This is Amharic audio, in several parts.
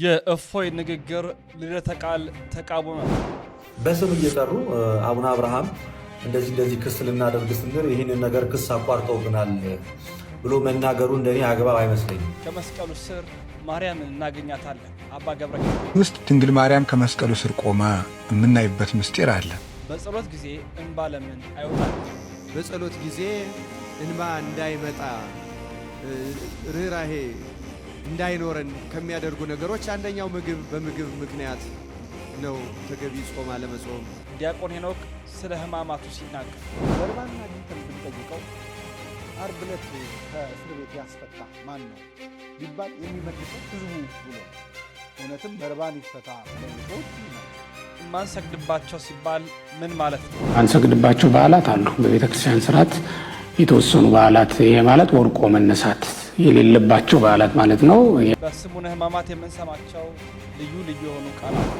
የእፎይ ንግግር ልደተ ቃል ተቃወመ። በስም እየጠሩ አቡነ አብርሃም እንደዚህ እንደዚህ ክስ ልናደርግ ስንል ይህንን ነገር ክስ አቋርጠውብናል ብሎ መናገሩ እንደኔ አግባብ አይመስለኝም። ከመስቀሉ ስር ማርያም እናገኛታለን። አባ ገብረ ውስጥ ድንግል ማርያም ከመስቀሉ ስር ቆማ የምናይበት ምስጢር አለ። በጸሎት ጊዜ እንባ ለምን አይወጣል? በጸሎት ጊዜ እንባ እንዳይመጣ ርኅራሄ እንዳይኖረን ከሚያደርጉ ነገሮች አንደኛው ምግብ በምግብ ምክንያት ነው። ተገቢ ጾም አለመጾም። ዲያቆን ሄኖክ ስለ ህማማቱ ሲናገር በርባና አግኝተን ብንጠይቀው አርብ ዕለት ከእስር ቤት ያስፈታ ማን ነው ቢባል የሚመልሰው ህዝቡ ብሎ እውነትም በርባን ይፈታ ማንሰግድባቸው ሲባል ምን ማለት ነው? ማንሰግድባቸው በዓላት አሉ። በቤተክርስቲያን ስርዓት የተወሰኑ በዓላት ይሄ ማለት ወርቆ መነሳት የሌለባቸው በዓላት ማለት ነው። በስሙነ ሕማማት የምንሰማቸው ልዩ ልዩ የሆኑ ቃላት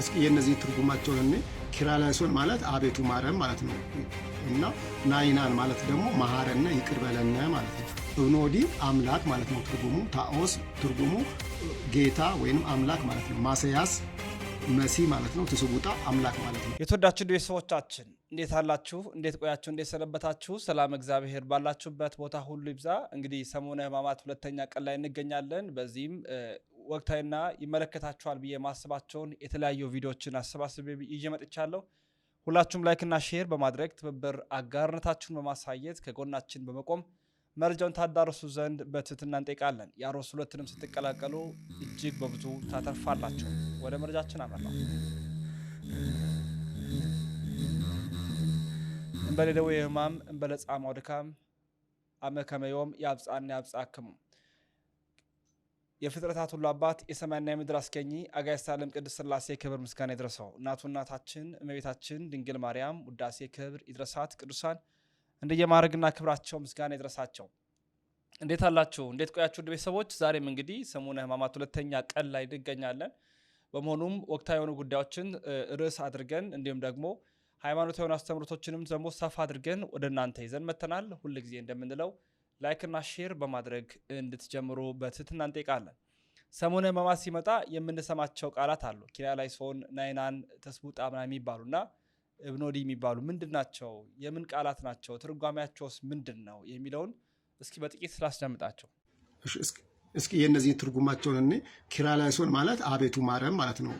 እስኪ የእነዚህ ትርጉማቸውን እኔ ኪርያላይሶን ማለት አቤቱ ማረን ማለት ነው እና ናይናን ማለት ደግሞ መሐረነ ይቅር በለነ ማለት ነው። እብኖዲ አምላክ ማለት ነው ትርጉሙ። ታኦስ ትርጉሙ ጌታ ወይም አምላክ ማለት ነው። ማሰያስ መሲ ማለት ነው። ትስቡጣ አምላክ ማለት ነው። የተወዳችሁ ቤተሰቦቻችን እንዴት አላችሁ? እንዴት ቆያችሁ? እንዴት ሰነበታችሁ? ሰላም እግዚአብሔር ባላችሁበት ቦታ ሁሉ ይብዛ። እንግዲህ ሰሙነ ሕማማት ሁለተኛ ቀን ላይ እንገኛለን። በዚህም ወቅታዊና ይመለከታችኋል ብዬ ማስባቸውን የተለያዩ ቪዲዮዎችን አሰባስቤ ይዤ መጥቻለሁ። ሁላችሁም ላይክና ሼር በማድረግ ትብብር አጋርነታችሁን በማሳየት ከጎናችን በመቆም መረጃውን ታዳርሱ ዘንድ በትህትና እንጠይቃለን። የአሮስ ሁለትንም ስትቀላቀሉ እጅግ በብዙ ታተርፋላችሁ። ወደ መረጃችን አመራ እንበለደዌ ህማም እንበለጻማው ድካም አመ ከመዮም ያብጻና ያብጻክሙ የፍጥረታት ሁሉ አባት የሰማይና የምድር አስገኚ አጋዕዝተ ዓለም ቅድስት ሥላሴ ክብር ምስጋና ይድረሰው። እናቱ እናታችን እመቤታችን ድንግል ማርያም ውዳሴ ክብር ይድረሳት። ቅዱሳን እንደየማድረግና ክብራቸው ምስጋና ይድረሳቸው። እንዴት አላችሁ? እንዴት ቆያችሁ? ውድ ቤተሰቦች ዛሬም እንግዲህ ሰሙነ ህማማት ሁለተኛ ቀን ላይ እንገኛለን። በመሆኑም ወቅታዊ የሆኑ ጉዳዮችን ርዕስ አድርገን እንዲሁም ደግሞ ሃይማኖታዊን አስተምሮቶችንም ደግሞ ሰፋ አድርገን ወደ እናንተ ይዘን መተናል። ሁልጊዜ እንደምንለው ላይክና ሼር በማድረግ እንድትጀምሩ በትህትና እንጠይቃለን። ሰሞነ ሕማማት ሲመጣ የምንሰማቸው ቃላት አሉ። ላይ ሶን ናይናን፣ ተስቡጣ ምናምን የሚባሉና እብኖዲ የሚባሉ ምንድን ናቸው? የምን ቃላት ናቸው? ትርጓሚያቸውስ ምንድን ነው? የሚለውን እስኪ በጥቂት ስላስደምጣቸው እስኪ የእነዚህን ትርጉማቸውን እኔ ኪርያ ማለት አቤቱ ማረም ማለት ነው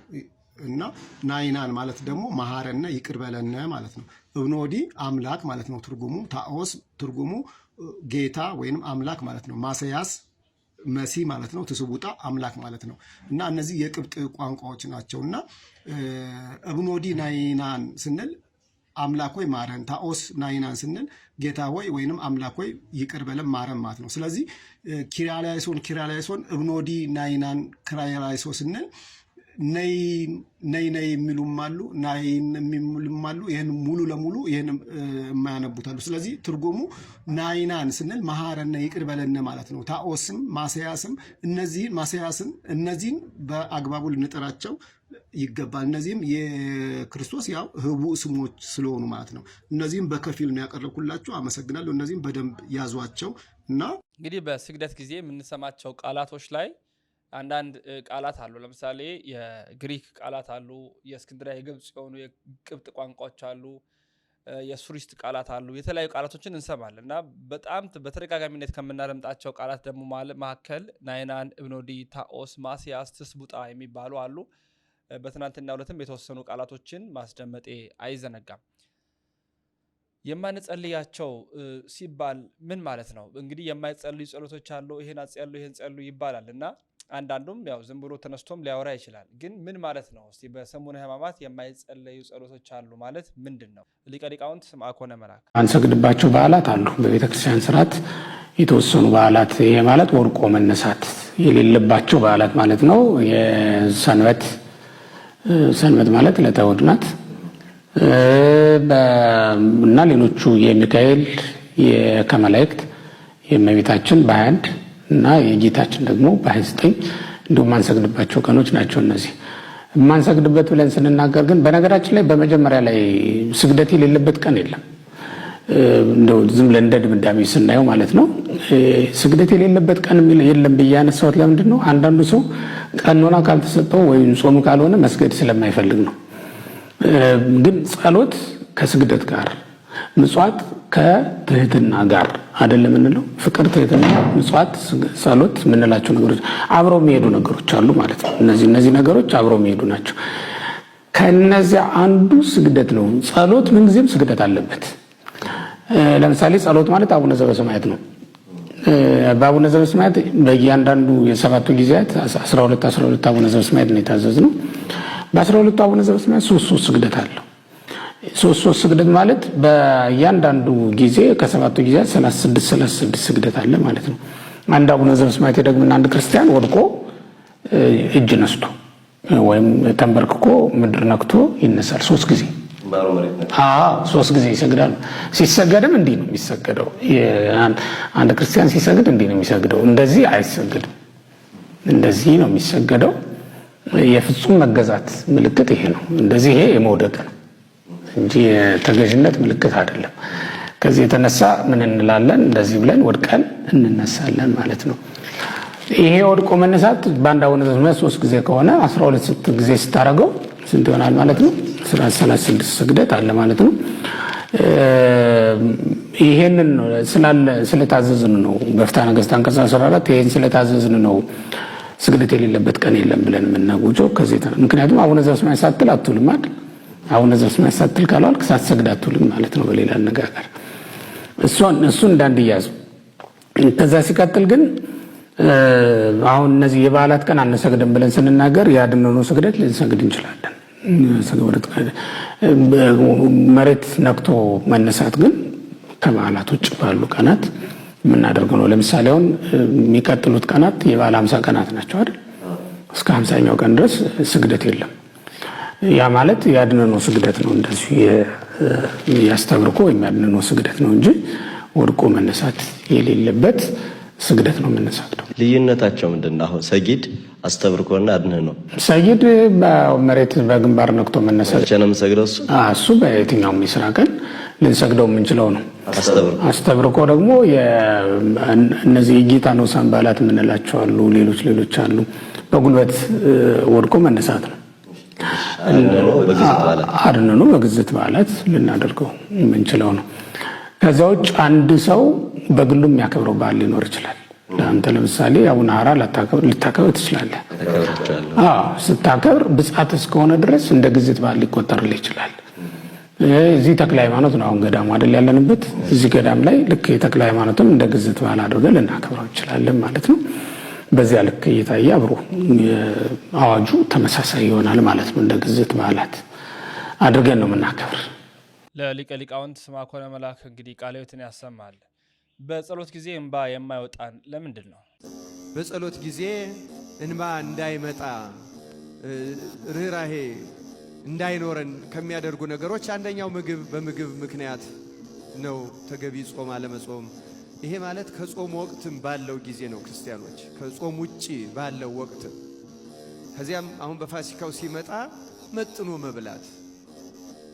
እና ናይናን ማለት ደግሞ መሐረነ ይቅር በለነ ማለት ነው። እብኖዲ አምላክ ማለት ነው ትርጉሙ። ታኦስ ትርጉሙ ጌታ ወይንም አምላክ ማለት ነው። ማሰያስ መሲ ማለት ነው። ትስቡጣ አምላክ ማለት ነው። እና እነዚህ የቅብጥ ቋንቋዎች ናቸው። እና እብኖዲ ናይናን ስንል አምላክ ሆይ ማረን፣ ታኦስ ናይናን ስንል ጌታ ሆይ ወይንም አምላክ ሆይ ይቅር በለን ማረን ማለት ነው። ስለዚህ ኪራላይሶን ኪራላይሶን እብኖዲ ናይናን ኪራላይሶ ስንል ነይ ነይ ነይ የሚሉም አሉ የሚሉም አሉ። ይህን ሙሉ ለሙሉ ይህን የማያነቡታሉ። ስለዚህ ትርጉሙ ናይናን ስንል መሐረነ ይቅር በለነ ማለት ነው። ታኦስም ማሰያስም እነዚህን ማስያስን እነዚህን በአግባቡ ልንጠራቸው ይገባል። እነዚህም የክርስቶስ ያው ህቡ ስሞች ስለሆኑ ማለት ነው። እነዚህም በከፊል ነው ያቀረብኩላቸው። አመሰግናለሁ። እነዚህም በደንብ ያዟቸው እና እንግዲህ በስግደት ጊዜ የምንሰማቸው ቃላቶች ላይ አንዳንድ ቃላት አሉ። ለምሳሌ የግሪክ ቃላት አሉ፣ የእስክንድሪያ የግብፅ የሆኑ የቅብጥ ቋንቋዎች አሉ፣ የሱሪስት ቃላት አሉ። የተለያዩ ቃላቶችን እንሰማለን እና በጣም በተደጋጋሚነት ከምናደምጣቸው ቃላት ደግሞ መካከል ናይናን፣ እብኖዲ፣ ታኦስ፣ ማስያስ፣ ትስቡጣ የሚባሉ አሉ። በትናንትና ሁለትም የተወሰኑ ቃላቶችን ማስደመጤ አይዘነጋም። የማንጸልያቸው ሲባል ምን ማለት ነው? እንግዲህ የማይጸልዩ ጸሎቶች አሉ። ይሄን አጽያለሁ፣ ይሄን ጸሉ ይባላል እና አንዳንዱም ያው ዝም ብሎ ተነስቶም ሊያወራ ይችላል። ግን ምን ማለት ነው? እስቲ በሰሙነ ሕማማት የማይጸለዩ ጸሎቶች አሉ ማለት ምንድን ነው? ሊቀ ሊቃውንት ስምዐ ኮነ መላክ አንሰግድባቸው በዓላት አሉ በቤተክርስቲያን ስርዓት የተወሰኑ በዓላት ይሄ ማለት ወርቆ መነሳት የሌለባቸው በዓላት ማለት ነው። የሰንበት ሰንበት ማለት ዕለተ እሑድ ናት እና ሌሎቹ የሚካኤል ከመላእክት የእመቤታችን በአንድ እና የጌታችን ደግሞ በ29 እንዲሁ የማንሰግድባቸው ቀኖች ናቸው እነዚህ። የማንሰግድበት ብለን ስንናገር ግን በነገራችን ላይ በመጀመሪያ ላይ ስግደት የሌለበት ቀን የለም። እንደው ዝም ብለን እንደ ድምዳሜ ስናየው ማለት ነው። ስግደት የሌለበት ቀን የለም ብዬ ያነሳሁት ለምንድን ነው? አንዳንዱ ሰው ቀኖና ካልተሰጠው ወይም ጾም ካልሆነ መስገድ ስለማይፈልግ ነው። ግን ጸሎት ከስግደት ጋር ምጽዋት ከትህትና ጋር አይደለም የምንለው። ፍቅር፣ ትህትና፣ ምጽዋት፣ ጸሎት የምንላቸው ነገሮች አብረው የሚሄዱ ነገሮች አሉ ማለት ነው። እነዚህ እነዚህ ነገሮች አብረው የሚሄዱ ናቸው። ከነዚያ አንዱ ስግደት ነው። ጸሎት ምንጊዜም ስግደት አለበት። ለምሳሌ ጸሎት ማለት አቡነ ዘበሰማያት ነው። በአቡነ ዘበሰማያት በእያንዳንዱ የሰባቱ ጊዜያት 12 12 አቡነ ዘበሰማያት ነው የታዘዝ ነው። በ12ቱ አቡነ ዘበሰማያት ሶስት ሶስት ስግደት አለው ሶስት ሶስት ስግደት ማለት በእያንዳንዱ ጊዜ ከሰባቱ ጊዜያት ሰላሳ ስድስት ሰላሳ ስድስት ስግደት አለ ማለት ነው። አንድ አቡነ ዘበሰማያት ደግሞ አንድ ክርስቲያን ወድቆ እጅ ነስቶ ወይም ተንበርክኮ ምድር ነክቶ ይነሳል። ሶስት ጊዜ ሶስት ጊዜ ይሰግዳል። ሲሰገድም እንዲህ ነው የሚሰገደው። አንድ ክርስቲያን ሲሰግድ እንዲህ ነው የሚሰግደው። እንደዚህ አይሰግድም፣ እንደዚህ ነው የሚሰገደው። የፍጹም መገዛት ምልክት ይሄ ነው። እንደዚህ ይሄ የመውደቅ ነው። እንጂ የተገዥነት ምልክት አይደለም። ከዚህ የተነሳ ምን እንላለን? እንደዚህ ብለን ወድቀን እንነሳለን ማለት ነው። ይሄ ወድቆ መነሳት በአንድ አቡነ ዘበሰማያት ሶስት ጊዜ ከሆነ አስራ ሁለት ስት ጊዜ ስታደርገው ስንት ይሆናል ማለት ነው? ሰላሳ ስድስት ስግደት አለ ማለት ነው። ይሄንን ስለታዘዝን ነው በፍትሐ ነገሥት አንቀጽ 14 ይሄን ስለታዘዝን ነው ስግደት የሌለበት ቀን የለም ብለን የምናጎጆ ከዚህ ምክንያቱም አቡነ ዘበሰማያት ሳትል አትውልም አይደል አቡነ ዘበሰማያት ሳትል ሳትሰግድ አትውልም ማለት ነው። በሌላ አነጋገር እሱን እሱ እንዳንድ እያዙ ከዛ ሲቀጥል ግን አሁን እነዚህ የበዓላት ቀን አነሰግድም ብለን ስንናገር ያድነኑ ስግደት ልንሰግድ እንችላለን። መሬት ነክቶ መነሳት ግን ከበዓላት ውጭ ባሉ ቀናት የምናደርገው ነው። ለምሳሌ አሁን የሚቀጥሉት ቀናት የበዓል ሀምሳ ቀናት ናቸው አይደል? እስከ ሀምሳኛው ቀን ድረስ ስግደት የለም። ያ ማለት የአድነኖ ስግደት ነው። እንደዚሁ ያስተብርኮ ወይም የአድነኖ ስግደት ነው እንጂ ወድቆ መነሳት የሌለበት ስግደት ነው ነው። ልዩነታቸው ምንድን ነው? አሁን ሰጊድ አስተብርኮና አድነኖ። ሰጊድ መሬት በግንባር ነክቶ መነሳት ነው የምንሰግደው። እሱ በየትኛውም የስራ ቀን ልንሰግደው የምንችለው ነው። አስተብርኮ ደግሞ እነዚህ የጌታ ነው ሳንባላት የምንላቸው አሉ፣ ሌሎች ሌሎች አሉ። በጉልበት ወድቆ መነሳት ነው። አድነኑ በግዝት ማለት ልናደርገው የምንችለው ነው። ከዛ ውጭ አንድ ሰው በግሉ የሚያከብረው በዓል ሊኖር ይችላል። ለአንተ ለምሳሌ አቡነ ሀራ ልታከብር ትችላለህ። ስታከብር ብጻት እስከሆነ ድረስ እንደ ግዝት በዓል ሊቆጠርልህ ይችላል። እዚህ ተክለ ሃይማኖት ነው አሁን ገዳሙ አይደል ያለንበት። እዚህ ገዳም ላይ ልክ የተክለ ሃይማኖትም እንደ ግዝት በዓል አድርገን ልናከብረው እንችላለን ማለት ነው። በዚያ ልክ እየታየ አብሮ አዋጁ ተመሳሳይ ይሆናል ማለት ነው። እንደ ግዝት በዓላት አድርገን ነው የምናከብር። ለሊቀ ሊቃውንት ስምዐኮነ መልአክ እንግዲህ ቃለ ሕይወትን ያሰማል። በጸሎት ጊዜ እንባ የማይወጣን ለምንድን ነው? በጸሎት ጊዜ እንባ እንዳይመጣ ርኅራሄ እንዳይኖረን ከሚያደርጉ ነገሮች አንደኛው ምግብ በምግብ ምክንያት ነው። ተገቢ ጾም አለመጾም ይሄ ማለት ከጾም ወቅትም ባለው ጊዜ ነው። ክርስቲያኖች ከጾም ውጪ ባለው ወቅት ከዚያም አሁን በፋሲካው ሲመጣ መጥኖ መብላት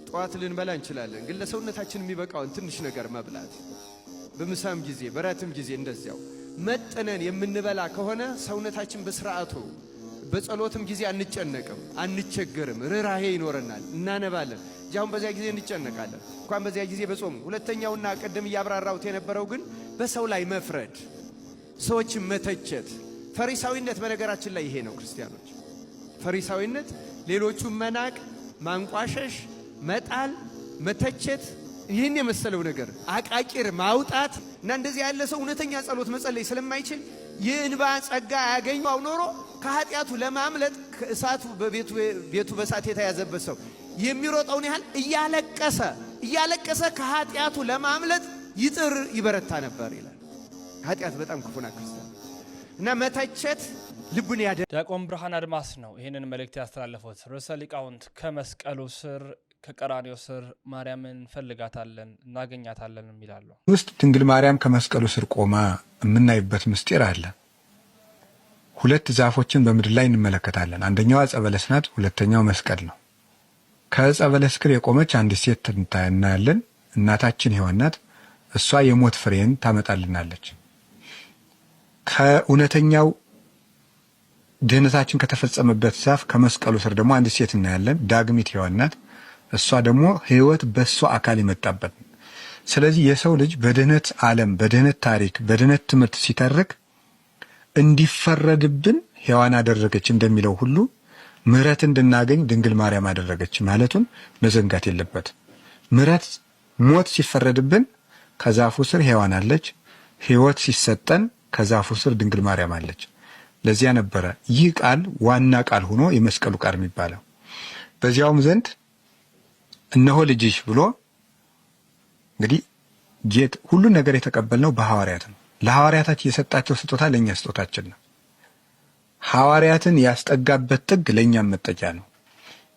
ጠዋት ልንበላ እንችላለን፣ ግን ለሰውነታችን የሚበቃውን ትንሽ ነገር መብላት በምሳም ጊዜ በራትም ጊዜ እንደዚያው መጥነን የምንበላ ከሆነ ሰውነታችን በስርዓቱ በጸሎትም ጊዜ አንጨነቅም፣ አንቸገርም፣ ርኅራሄ ይኖረናል፣ እናነባለን እንጂ አሁን በዚያ ጊዜ እንጨነቃለን። እንኳን በዚያ ጊዜ በጾሙ ሁለተኛውና ቅድም እያብራራሁት የነበረው ግን በሰው ላይ መፍረድ፣ ሰዎችን መተቸት። ፈሪሳዊነት በነገራችን ላይ ይሄ ነው። ክርስቲያኖች ፈሪሳዊነት ሌሎቹን መናቅ፣ ማንቋሸሽ፣ መጣል፣ መተቸት ይህን የመሰለው ነገር አቃቂር ማውጣት እና እንደዚህ ያለ ሰው እውነተኛ ጸሎት መጸለይ ስለማይችል የእንባ ጸጋ አያገኘው ኖሮ ከኃጢአቱ ለማምለጥ ከእሳቱ ቤቱ በእሳት የተያዘበት ሰው የሚሮጠውን ያህል እያለቀሰ እያለቀሰ ከኃጢአቱ ለማምለጥ ይጥር ይበረታ ነበር ይላል። ኃጢአት በጣም ክፉ ናት ክርስቲያን እና መተቸት ልቡን ያደ ዲያቆን ብርሃን አድማስ ነው ይህንን መልእክት ያስተላለፉት ርዕሰ ሊቃውንት። ከመስቀሉ ስር ከቀራኔው ስር ማርያምን እንፈልጋታለን እናገኛታለን የሚላሉ ውስጥ ድንግል ማርያም ከመስቀሉ ስር ቆማ የምናይበት ምስጢር አለ። ሁለት ዛፎችን በምድር ላይ እንመለከታለን። አንደኛው ዕፀ በለስ ናት፣ ሁለተኛው መስቀል ነው። ከዕፀ በለስ ስር የቆመች አንድ ሴት እናያለን። እናታችን ሔዋን ናት። እሷ የሞት ፍሬን ታመጣልናለች። ከእውነተኛው ድህነታችን ከተፈጸመበት ዛፍ ከመስቀሉ ስር ደግሞ አንድ ሴት እናያለን። ዳግሚት ሔዋን ናት። እሷ ደግሞ ህይወት በእሷ አካል የመጣበት። ስለዚህ የሰው ልጅ በድህነት ዓለም፣ በድህነት ታሪክ፣ በድህነት ትምህርት ሲተርክ እንዲፈረድብን ሔዋን አደረገች እንደሚለው ሁሉ ምሕረት እንድናገኝ ድንግል ማርያም አደረገች ማለቱን መዘንጋት የለበት። ምሕረት ሞት ሲፈረድብን ከዛፉ ስር ሔዋን አለች። ሕይወት ሲሰጠን ከዛፉ ስር ድንግል ማርያም አለች። ለዚያ ነበረ ይህ ቃል ዋና ቃል ሆኖ የመስቀሉ ቃል የሚባለው። በዚያውም ዘንድ እነሆ ልጅሽ ብሎ እንግዲህ ጌጥ ሁሉን ነገር የተቀበልነው በሐዋርያት ነው። ለሐዋርያታት የሰጣቸው ስጦታ ለእኛ ስጦታችን ነው። ሐዋርያትን ያስጠጋበት ጥግ ለእኛም መጠጫ ነው።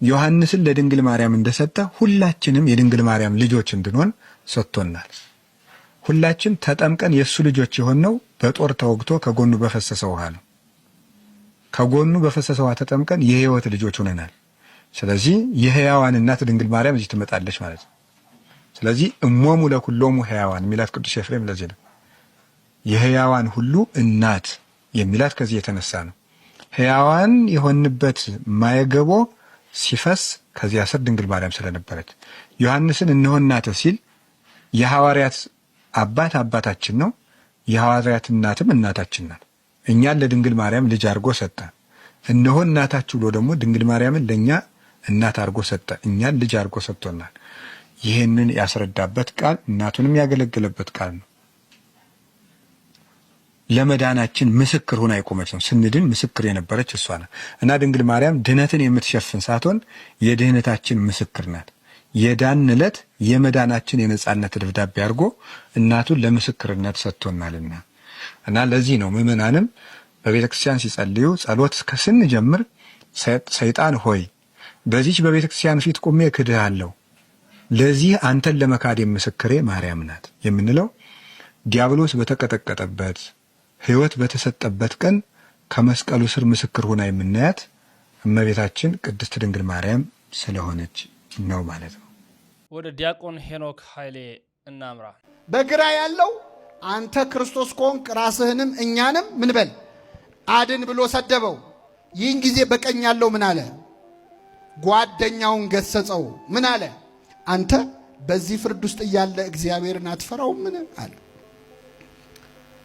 ዮሐንስን ለድንግል ማርያም እንደሰጠ ሁላችንም የድንግል ማርያም ልጆች እንድንሆን ሰጥቶናል። ሁላችን ተጠምቀን የእሱ ልጆች ነው በጦር ተወግቶ ከጎኑ በፈሰሰ ውሃ ነው። ከጎኑ በፈሰሰ ውሃ ተጠምቀን የህይወት ልጆች ሆነናል። ስለዚህ የህያዋን እናት ድንግል ማርያም እዚህ ትመጣለች ማለት ነው። ስለዚህ እሞሙ ለኩሎሙ ህያዋን የሚላት ቅዱስ ኤፍሬም ለዚህ ነው። የህያዋን ሁሉ እናት የሚላት ከዚህ የተነሳ ነው። ህያዋን የሆንበት ማየገቦ ሲፈስ ከዚያ ስር ድንግል ማርያም ስለነበረች ዮሐንስን እነሆ እናትህ ሲል የሐዋርያት አባት አባታችን ነው፣ የሐዋርያት እናትም እናታችን ናት። እኛን ለድንግል ማርያም ልጅ አድርጎ ሰጠ። እነሆ እናታችሁ ብሎ ደግሞ ድንግል ማርያምን ለእኛ እናት አድርጎ ሰጠ። እኛን ልጅ አድርጎ ሰጥቶናል። ይህንን ያስረዳበት ቃል እናቱንም ያገለገለበት ቃል ነው። ለመዳናችን ምስክር ሆና የቆመች ነው። ስንድን ምስክር የነበረች እሷ ናት እና ድንግል ማርያም ድህነትን የምትሸፍን ሳትሆን የድህነታችን ምስክር ናት። የዳን ዕለት የመዳናችን የነጻነት ደብዳቤ አድርጎ እናቱን ለምስክርነት ሰጥቶናልና እና ለዚህ ነው ምዕመናንም በቤተ ክርስቲያን ሲጸልዩ ጸሎት ስንጀምር ሰይጣን ሆይ በዚች በቤተ ክርስቲያን ፊት ቁሜ ክድሃለሁ፣ ለዚህ አንተን ለመካድ ምስክሬ ማርያም ናት የምንለው ዲያብሎስ በተቀጠቀጠበት ሕይወት በተሰጠበት ቀን ከመስቀሉ ስር ምስክር ሆና የምናያት እመቤታችን ቅድስት ድንግል ማርያም ስለሆነች ነው ማለት ነው። ወደ ዲያቆን ሄኖክ ኃይሌ እናምራ። በግራ ያለው አንተ ክርስቶስ ከሆንክ ራስህንም እኛንም ምን በል አድን ብሎ ሰደበው። ይህን ጊዜ በቀኝ ያለው ምን አለ? ጓደኛውን ገሰጸው። ምን አለ? አንተ በዚህ ፍርድ ውስጥ እያለ እግዚአብሔርን አትፈራው? ምን አለ?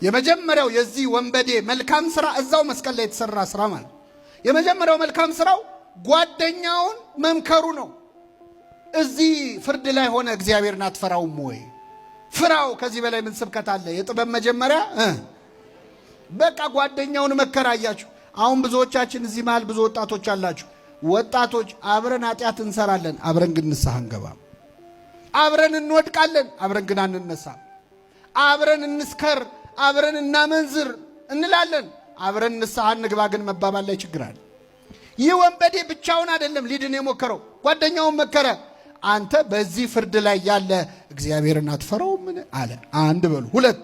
የመጀመሪያው የዚህ ወንበዴ መልካም ስራ እዛው መስቀል ላይ የተሰራ ስራ ማለት የመጀመሪያው መልካም ስራው ጓደኛውን መምከሩ ነው። እዚህ ፍርድ ላይ ሆነ እግዚአብሔርን አትፈራውም ወይ? ፍራው። ከዚህ በላይ ምን ስብከት አለ? የጥበብ መጀመሪያ በቃ ጓደኛውን መከራያችሁ። አሁን ብዙዎቻችን እዚህ መሃል ብዙ ወጣቶች አላችሁ። ወጣቶች አብረን ኃጢአት እንሰራለን፣ አብረን ግን ንስሐ አንገባም። አብረን እንወድቃለን፣ አብረን ግን አንነሳም። አብረን እንስከር፣ አብረን እናመንዝር እንላለን፣ አብረን ንስሐ እንግባ ግን መባባል ላይ ችግር አለ። ይህ ወንበዴ ብቻውን አይደለም ሊድን የሞከረው፣ ጓደኛውን መከረ። አንተ በዚህ ፍርድ ላይ ያለ እግዚአብሔርን ምን አለ። አንድ በሉ ሁለት።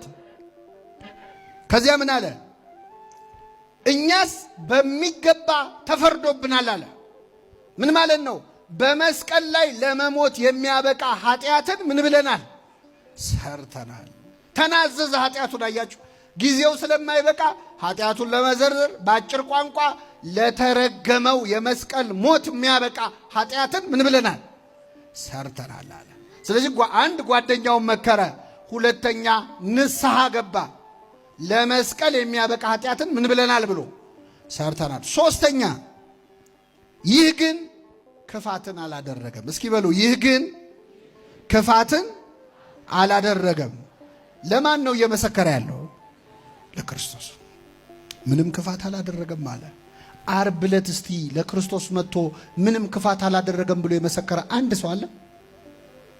ከዚያ ምን አለ? እኛስ በሚገባ ተፈርዶብናል አለ። ምን ማለት ነው? በመስቀል ላይ ለመሞት የሚያበቃ ኃጢአትን ምን ብለናል? ሰርተናል። ተናዘዘ ኃጢአቱን። አያችሁ፣ ጊዜው ስለማይበቃ ኃጢአቱን ለመዘርዘር በአጭር ቋንቋ ለተረገመው የመስቀል ሞት የሚያበቃ ኃጢአትን ምን ብለናል ሰርተናል አለ። ስለዚህ አንድ ጓደኛውን መከረ፣ ሁለተኛ ንስሐ ገባ። ለመስቀል የሚያበቃ ኃጢአትን ምን ብለናል ብሎ ሰርተናል። ሶስተኛ ይህ ግን ክፋትን አላደረገም። እስኪ በሉ ይህ ግን ክፋትን አላደረገም። ለማን ነው እየመሰከረ ያለው? ለክርስቶስ። ምንም ክፋት አላደረገም ማለት አርብ ዕለት እስቲ ለክርስቶስ መጥቶ ምንም ክፋት አላደረገም ብሎ የመሰከረ አንድ ሰው አለ?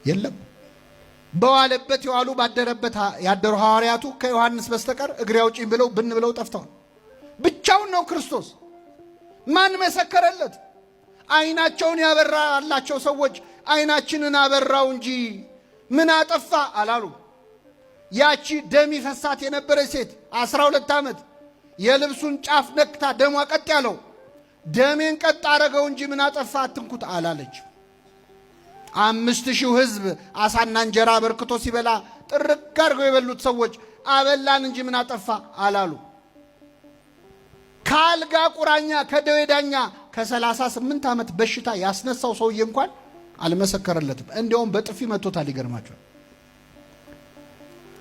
የለም። በዋለበት የዋሉ ባደረበት ያደሩ ሐዋርያቱ ከዮሐንስ በስተቀር እግሬ አውጪኝ ብለው ብን ብለው ጠፍተዋል። ብቻውን ነው ክርስቶስ። ማን መሰከረለት? አይናቸውን ያበራላቸው ሰዎች አይናችንን አበራው እንጂ ምን አጠፋ አላሉ። ያቺ ደም ይፈሳት የነበረች ሴት አስራ ሁለት ዓመት የልብሱን ጫፍ ነክታ ደሟ ቀጥ ያለው ደሜን ቀጥ አረገው እንጂ ምን አጠፋ አትንኩት አላለች። አምስት ሺው ህዝብ አሳና እንጀራ አበርክቶ ሲበላ ጥርቅ አድርገው የበሉት ሰዎች አበላን እንጂ ምን አጠፋ አላሉ። ከአልጋ ቁራኛ ከደዌ ዳኛ ከሰላሳ ስምንት ዓመት በሽታ ያስነሳው ሰውዬ እንኳን አልመሰከረለትም። እንዲያውም በጥፊ መቶታል። ይገርማቸዋል።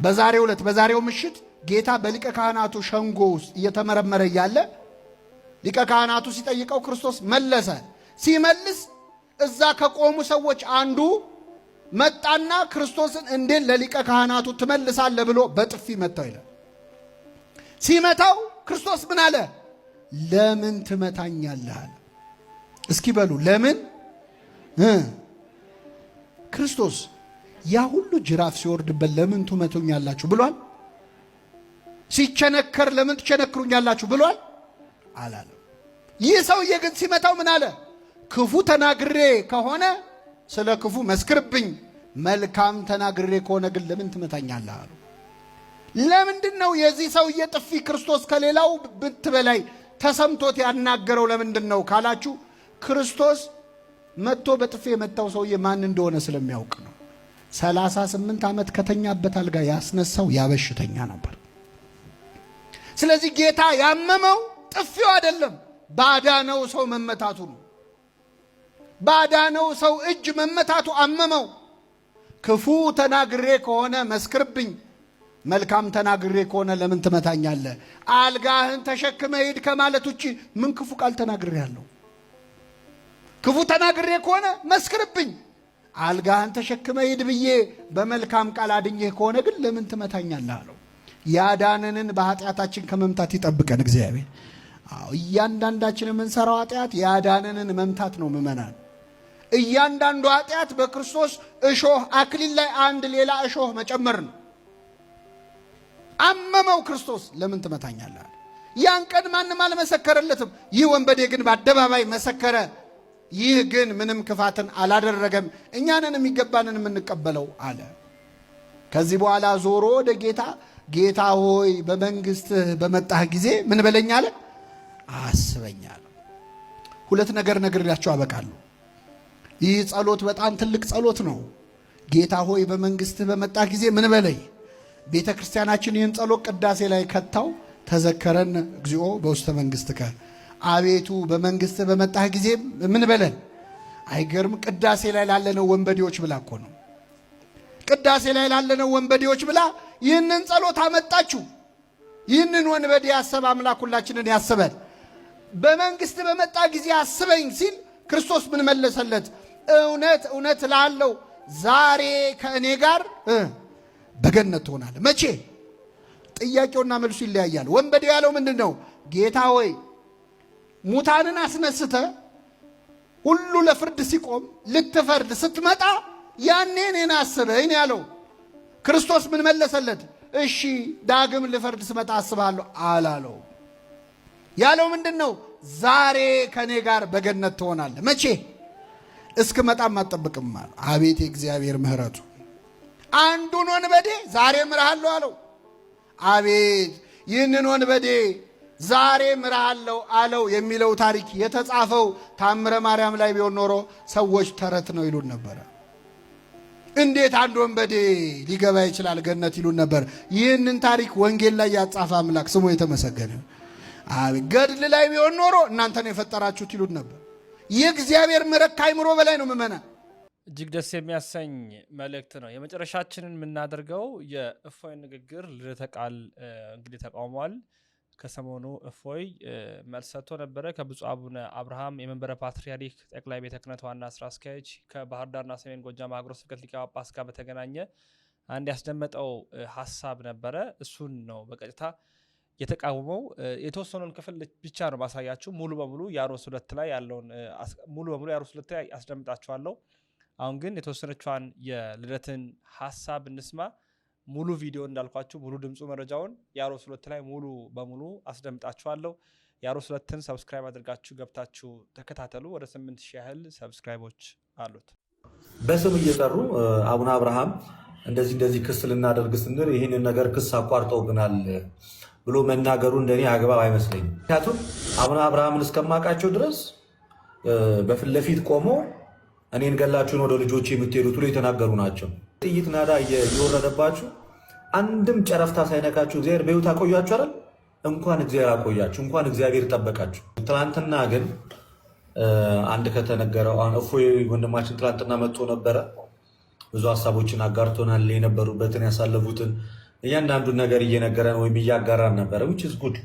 በዛሬው ዕለት በዛሬው ምሽት ጌታ በሊቀ ካህናቱ ሸንጎ ውስጥ እየተመረመረ እያለ ሊቀ ካህናቱ ሲጠይቀው ክርስቶስ መለሰ። ሲመልስ እዛ ከቆሙ ሰዎች አንዱ መጣና ክርስቶስን እንዴት ለሊቀ ካህናቱ ትመልሳለህ ብሎ በጥፊ መታው ይላል። ሲመታው ክርስቶስ ምን አለ? ለምን ትመታኛለህ? እስኪ በሉ ለምን ክርስቶስ ያ ሁሉ ጅራፍ ሲወርድበት ለምን ትመቱኛላችሁ ብሏል? ሲቸነከር ለምን ትቸነክሩኛላችሁ ብሏል አላለም። ይህ ሰውዬ ግን ሲመታው ምን አለ? ክፉ ተናግሬ ከሆነ ስለ ክፉ መስክርብኝ፣ መልካም ተናግሬ ከሆነ ግን ለምን ትመታኛለህ አሉ። ለምንድን ነው የዚህ ሰውዬ ጥፊ ክርስቶስ ከሌላው ብት በላይ ተሰምቶት ያናገረው ለምንድን ነው ካላችሁ፣ ክርስቶስ መጥቶ በጥፊ የመታው ሰውዬ ማን እንደሆነ ስለሚያውቅ ነው። ሰላሳ ስምንት ዓመት ከተኛበት አልጋ ያስነሳው ያበሽተኛ ነበር። ስለዚህ ጌታ ያመመው ጥፊው አይደለም፣ ባዳነው ሰው መመታቱ ነው። ባዳነው ሰው እጅ መመታቱ አመመው። ክፉ ተናግሬ ከሆነ መስክርብኝ፣ መልካም ተናግሬ ከሆነ ለምን ትመታኛለ? አልጋህን ተሸክመ ሂድ ከማለት ውጭ ምን ክፉ ቃል ተናግሬ ያለው? ክፉ ተናግሬ ከሆነ መስክርብኝ፣ አልጋህን ተሸክመ ሂድ ብዬ በመልካም ቃል አድኜህ ከሆነ ግን ለምን ትመታኛለህ አለው። ያዳነንን በኃጢአታችን ከመምታት ይጠብቀን እግዚአብሔር። እያንዳንዳችን የምንሰራው ኃጢአት ያዳነንን መምታት ነው። ምመናል እያንዳንዱ ኃጢአት በክርስቶስ እሾህ አክሊል ላይ አንድ ሌላ እሾህ መጨመር ነው። አመመው ክርስቶስ ለምን ትመታኛለህ? ያን ቀን ማንም አልመሰከረለትም። ይህ ወንበዴ ግን በአደባባይ መሰከረ። ይህ ግን ምንም ክፋትን አላደረገም፣ እኛንን የሚገባንን የምንቀበለው አለ። ከዚህ በኋላ ዞሮ ወደ ጌታ ጌታ ሆይ በመንግስትህ በመጣህ ጊዜ ምን በለኝ አለ አስበኛል። ሁለት ነገር ነግሬያቸው አበቃሉ። ይህ ጸሎት በጣም ትልቅ ጸሎት ነው። ጌታ ሆይ በመንግስትህ በመጣህ ጊዜ ምን በለኝ። ቤተ ክርስቲያናችን ይህን ጸሎት ቅዳሴ ላይ ከታው ተዘከረን እግዚኦ በውስተ መንግስትከ አቤቱ በመንግስትህ በመጣህ ጊዜ ምን በለን። አይገርም! ቅዳሴ ላይ ላለነው ወንበዴዎች ብላ እኮ ነው። ቅዳሴ ላይ ላለነው ወንበዴዎች ብላ ይህንን ጸሎት አመጣችሁ። ይህንን ወንበዴ ያሰበ አምላክ ሁላችንን ያስበን። በመንግሥት በመጣ ጊዜ አስበኝ ሲል ክርስቶስ ምን መለሰለት? እውነት እውነት ላለው ዛሬ ከእኔ ጋር በገነት ትሆናለህ። መቼ? ጥያቄውና መልሱ ይለያያል። ወንበዴው ያለው ምንድን ነው? ጌታ ሆይ ሙታንን አስነስተ ሁሉ ለፍርድ ሲቆም ልትፈርድ ስትመጣ ያኔ እኔን አስበኝ ያለው ክርስቶስ ምን መለሰለት? እሺ ዳግም ልፈርድ ስመጣ አስብሃለሁ አላለው። ያለው ምንድን ነው? ዛሬ ከእኔ ጋር በገነት ትሆናለህ። መቼ? እስክመጣም አጠብቅም አለ። አቤት የእግዚአብሔር ምሕረቱ! አንዱን ወንበዴ ዛሬ ምርሃለሁ አለው። አቤት ይህንን ወንበዴ ዛሬ ምርሃለሁ አለው የሚለው ታሪክ የተጻፈው ታምረ ማርያም ላይ ቢሆን ኖሮ ሰዎች ተረት ነው ይሉን ነበረ። እንዴት አንድ ወንበዴ ሊገባ ይችላል ገነት ይሉን ነበር። ይህንን ታሪክ ወንጌል ላይ ያጻፈ አምላክ ስሙ የተመሰገነ። ገድል ላይ ቢሆን ኖሮ እናንተ ነው የፈጠራችሁት ይሉት ነበር። የእግዚአብሔር ምሕረት ከአእምሮ በላይ ነው። ምመና እጅግ ደስ የሚያሰኝ መልእክት ነው። የመጨረሻችንን የምናደርገው የእፎይ ንግግር ልደተ ቃል እንግዲህ ተቃውሟል። ከሰሞኑ እፎይ መልስ ሰጥቶ ነበረ። ከብፁዕ አቡነ አብርሃም የመንበረ ፓትርያርክ ጠቅላይ ቤተ ክህነት ዋና ስራ አስኪያጅ ከባህር ዳርና ሰሜን ጎጃም ሀገረ ስብከት ሊቀ ጳጳስ ጋር በተገናኘ አንድ ያስደመጠው ሀሳብ ነበረ። እሱን ነው በቀጥታ የተቃወመው። የተወሰኑን ክፍል ብቻ ነው ማሳያችሁ። ሙሉ በሙሉ የአሮስ ሁለት ላይ ያለውን ሙሉ በሙሉ የአሮስ ሁለት ላይ አስደምጣችኋለሁ። አሁን ግን የተወሰነችን የልደትን ሀሳብ እንስማ። ሙሉ ቪዲዮ እንዳልኳችሁ ሙሉ ድምፁ መረጃውን የአሮስ ሁለት ላይ ሙሉ በሙሉ አስደምጣችኋለሁ። የአሮስ ሁለትን ሰብስክራይብ አድርጋችሁ ገብታችሁ ተከታተሉ። ወደ ስምንት ሺህ ያህል ሰብስክራይቦች አሉት። በስም እየጠሩ አቡነ አብርሃም እንደዚህ እንደዚህ ክስ ልናደርግ ስንል ይህንን ነገር ክስ አቋርጠውብናል ብሎ መናገሩ እንደኔ አግባብ አይመስለኝም። ምክንያቱም አቡነ አብርሃምን እስከማውቃቸው ድረስ በፊት ለፊት ቆሞ እኔን ገላችሁን ወደ ልጆች የምትሄዱት ብሎ የተናገሩ ናቸው። ጥይት ናዳ እየወረደባችሁ አንድም ጨረፍታ ሳይነካችሁ እግዚአብሔር በሕይወት አቆያችሁ አይደል? እንኳን እግዚአብሔር አቆያችሁ፣ እንኳን እግዚአብሔር ጠበቃችሁ። ትናንትና ግን አንድ ከተነገረው አሁን እፎይ ወንድማችን ትናንትና መጥቶ ነበረ። ብዙ ሀሳቦችን አጋርቶናል። የነበሩበትን ያሳለፉትን እያንዳንዱን ነገር እየነገረን ወይም እያጋራን ነበረ። ውጭ ጉድ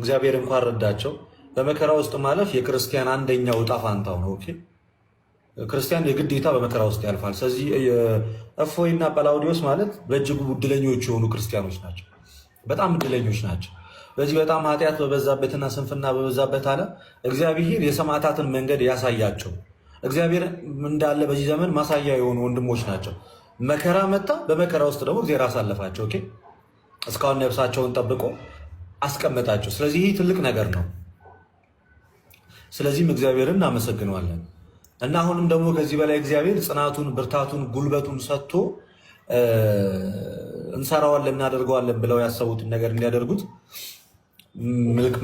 እግዚአብሔር እንኳን ረዳቸው። በመከራ ውስጥ ማለፍ የክርስቲያን አንደኛው እጣ ፋንታው ነው። ኦኬ ክርስቲያን የግዴታ በመከራ ውስጥ ያልፋል። ስለዚህ እፎይና እና ጳላውዲዎስ ማለት በእጅጉ እድለኞች የሆኑ ክርስቲያኖች ናቸው። በጣም እድለኞች ናቸው። በዚህ በጣም ኃጢአት በበዛበትና ስንፍና በበዛበት አለ እግዚአብሔር የሰማዕታትን መንገድ ያሳያቸው እግዚአብሔር እንዳለ በዚህ ዘመን ማሳያ የሆኑ ወንድሞች ናቸው። መከራ መታ፣ በመከራ ውስጥ ደግሞ እግዚአብሔር አሳለፋቸው። ኦኬ እስካሁን ነብሳቸውን ጠብቆ አስቀመጣቸው። ስለዚህ ይህ ትልቅ ነገር ነው። ስለዚህም እግዚአብሔርን እናመሰግነዋለን። እና አሁንም ደግሞ ከዚህ በላይ እግዚአብሔር ጽናቱን፣ ብርታቱን፣ ጉልበቱን ሰጥቶ እንሰራዋለን እናደርገዋለን ብለው ያሰቡትን ነገር እንዲያደርጉት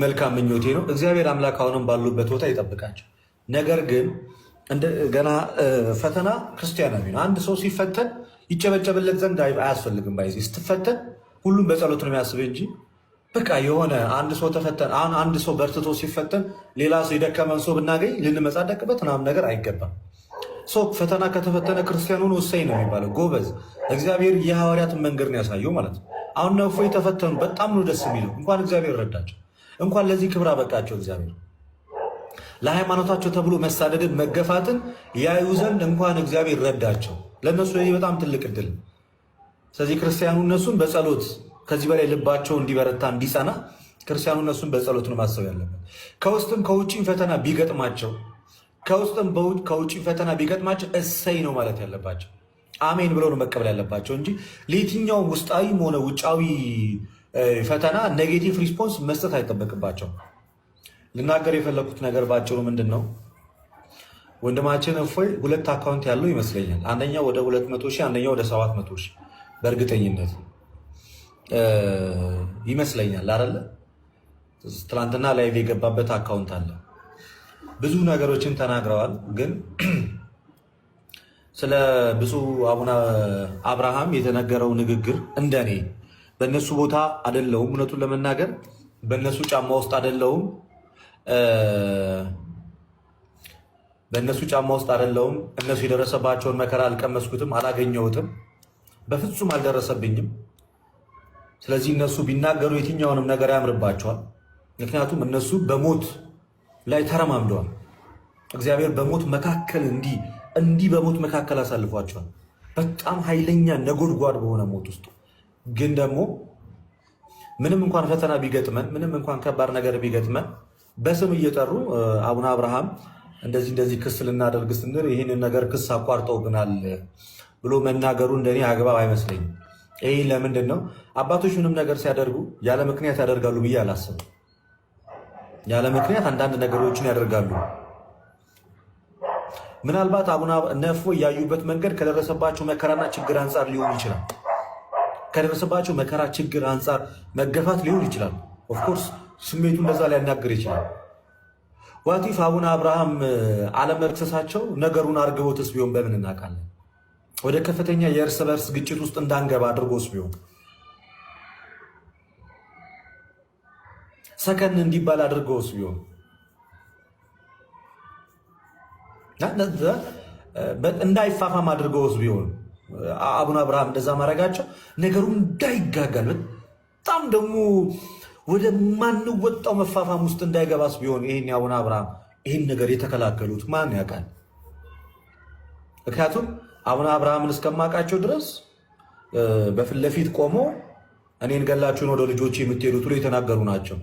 መልካም ምኞቴ ነው። እግዚአብሔር አምላክ አሁንም ባሉበት ቦታ ይጠብቃቸው። ነገር ግን ገና ፈተና ክርስቲያናዊ ነው። አንድ ሰው ሲፈተን ይጨበጨብለት ዘንድ አያስፈልግም። ባይዜ ስትፈተን ሁሉም በጸሎት ነው የሚያስብ እንጂ በቃ የሆነ አንድ ሰው ተፈተን አሁን አንድ ሰው በርትቶ ሲፈተን ሌላ ሰው የደከመን ሰው ብናገኝ ልንመጻደቅበት ምናምን ነገር አይገባም። ሰው ፈተና ከተፈተነ ክርስቲያኑን ወሳኝ ነው የሚባለው ጎበዝ፣ እግዚአብሔር የሐዋርያትን መንገድ ነው ያሳየው ማለት ነው። አሁን ነው እፎይ የተፈተኑ በጣም ነው ደስ የሚለው። እንኳን እግዚአብሔር ረዳቸው፣ እንኳን ለዚህ ክብር አበቃቸው እግዚአብሔር። ለሃይማኖታቸው ተብሎ መሳደድን መገፋትን ያዩ ዘንድ እንኳን እግዚአብሔር ረዳቸው። ለእነሱ ለዚህ በጣም ትልቅ እድል። ስለዚህ ክርስቲያኑ እነሱን በጸሎት ከዚህ በላይ ልባቸው እንዲበረታ እንዲጸና ክርስቲያኑ እነሱን በጸሎት ነው ማሰብ ያለበት። ከውስጥም ከውጭም ፈተና ቢገጥማቸው ከውስጥም ከውጭ ፈተና ቢገጥማቸው እሰይ ነው ማለት ያለባቸው፣ አሜን ብለው ነው መቀበል ያለባቸው እንጂ ለየትኛውም ውስጣዊም ሆነ ውጫዊ ፈተና ኔጌቲቭ ሪስፖንስ መስጠት አይጠበቅባቸው። ልናገር የፈለኩት ነገር ባጭሩ ምንድን ነው? ወንድማችን እፎይ ሁለት አካውንት ያለው ይመስለኛል። አንደኛው ወደ 200 ሺህ፣ አንደኛው ወደ 700 ሺህ በእርግጠኝነት ይመስለኛል አይደለ? ትላንትና ላይቭ የገባበት አካውንት አለ። ብዙ ነገሮችን ተናግረዋል። ግን ስለ ብፁዕ አቡነ አብርሃም የተነገረው ንግግር እንደኔ በእነሱ ቦታ አደለውም። እውነቱን ለመናገር በእነሱ ጫማ ውስጥ አደለውም። በእነሱ ጫማ ውስጥ አደለውም። እነሱ የደረሰባቸውን መከራ አልቀመስኩትም፣ አላገኘሁትም፣ በፍጹም አልደረሰብኝም። ስለዚህ እነሱ ቢናገሩ የትኛውንም ነገር ያምርባቸዋል። ምክንያቱም እነሱ በሞት ላይ ተረማምደዋል። እግዚአብሔር በሞት መካከል እንዲህ እንዲህ በሞት መካከል አሳልፏቸዋል። በጣም ኃይለኛ ነጎድጓድ በሆነ ሞት ውስጥ ግን ደግሞ ምንም እንኳን ፈተና ቢገጥመን፣ ምንም እንኳን ከባድ ነገር ቢገጥመን በስም እየጠሩ አቡነ አብርሃም እንደዚህ እንደዚህ ክስ ልናደርግ ስንል ይህንን ነገር ክስ አቋርጠውብናል ብሎ መናገሩ እንደኔ አግባብ አይመስለኝም። ይህ ለምንድን ነው? አባቶች ምንም ነገር ሲያደርጉ ያለ ምክንያት ያደርጋሉ ብዬ አላስብም። ያለ ምክንያት አንዳንድ ነገሮችን ያደርጋሉ። ምናልባት አቡነ ነፎ እያዩበት መንገድ ከደረሰባቸው መከራና ችግር አንጻር ሊሆን ይችላል። ከደረሰባቸው መከራ ችግር አንጻር መገፋት ሊሆን ይችላል። ኦፍኮርስ ስሜቱ እንደዛ ሊያናግር ይችላል። ዋቲፍ አቡነ አብርሃም አለመክሰሳቸው ነገሩን አርግቦትስ ቢሆን በምን እናውቃለን? ወደ ከፍተኛ የእርስ በርስ ግጭት ውስጥ እንዳንገባ አድርጎስ ቢሆን ሰከን እንዲባል አድርገውስ ቢሆን እንዳይፋፋም አድርገውስ ቢሆን አቡነ አብርሃም እንደዛ ማድረጋቸው ነገሩ እንዳይጋጋል በጣም ደግሞ ማንወጣው መፋፋም ውስጥ እንዳይገባስ ቢሆን ይህን አቡነ አብርሃም ይህን ነገር የተከላከሉት ማን ያውቃል? ምክንያቱም አቡነ አብርሃምን እስከማውቃቸው ድረስ በፊት ለፊት ቆሞ እኔን ገላችሁን ወደ ልጆች የምትሄዱት ብሎ የተናገሩ ናቸው።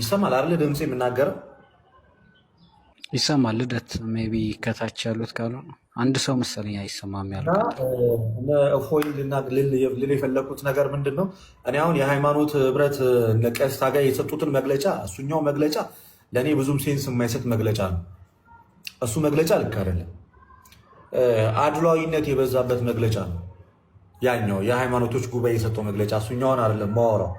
ይሰማል አይደል? ድምፅ የምናገረው ይሰማል። ልደት ሜይ ቢ ከታች ያሉት ካሉ አንድ ሰው መሰለኝ አይሰማም ያለው እፎይ ልል የፈለኩት ነገር ምንድን ነው? እኔ አሁን የሃይማኖት ህብረት ቀስታ ጋር የሰጡትን መግለጫ እሱኛው መግለጫ ለእኔ ብዙም ሴንስ የማይሰጥ መግለጫ ነው። እሱ መግለጫ ልክ አይደለም። አድሏዊነት የበዛበት መግለጫ ነው። ያኛው የሃይማኖቶች ጉባኤ የሰጠው መግለጫ እሱኛውን አይደለም ማወራው።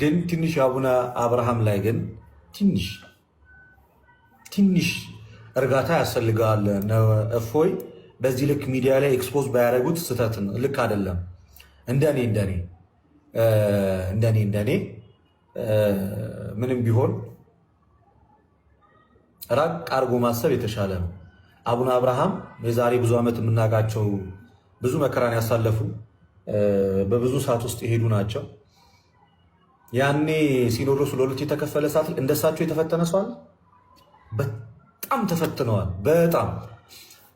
ግን ትንሽ የአቡነ አብርሃም ላይ ግን ትንሽ ትንሽ እርጋታ ያስፈልገዋል። እፎይ በዚህ ልክ ሚዲያ ላይ ኤክስፖዝ ባያደረጉት ስህተት ልክ አይደለም። እንደኔ እንደኔ እንደኔ እንደኔ ምንም ቢሆን ራቅ አድርጎ ማሰብ የተሻለ ነው። አቡነ አብርሃም የዛሬ ብዙ ዓመት የምናውቃቸው ብዙ መከራን ያሳለፉ በብዙ ሰዓት ውስጥ የሄዱ ናቸው። ያኔ ሲኖዶሱ ለሁለት የተከፈለ ሰዓት እንደሳቸው የተፈተነ ሰዋል። በጣም ተፈትነዋል። በጣም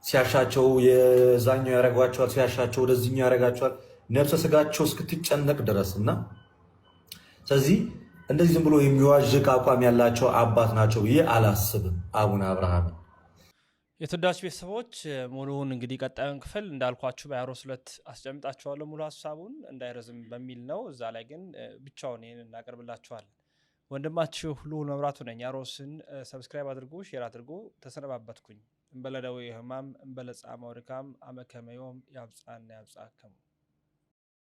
ሲያሻቸው የዛኛው ያደርጓቸዋል፣ ሲያሻቸው ወደዚህኛው ያደርጋቸዋል ነብሰ ስጋቸው እስክትጨነቅ ድረስ እና ስለዚህ እንደዚህ ዝም ብሎ የሚዋዥቅ አቋም ያላቸው አባት ናቸው ብዬ አላስብም አቡነ አብርሃም። የተወዳጅ ቤተሰቦች ሙሉውን እንግዲህ ቀጣዩን ክፍል እንዳልኳችሁ በያሮስ ሁለት አስጨምጣችኋለሁ። ሙሉ ሀሳቡን እንዳይረዝም በሚል ነው። እዛ ላይ ግን ብቻውን ይህን እናቀርብላችኋለን። ወንድማችሁ ልዑል መብራቱ ነኝ። ያሮስን ሰብስክራይብ አድርጎ ሼር አድርጎ ተሰነባበትኩኝ። እንበለደዌ ህማም እንበለጻ ማውድካም አመከመዮም ያብጻና ያብጻከሙ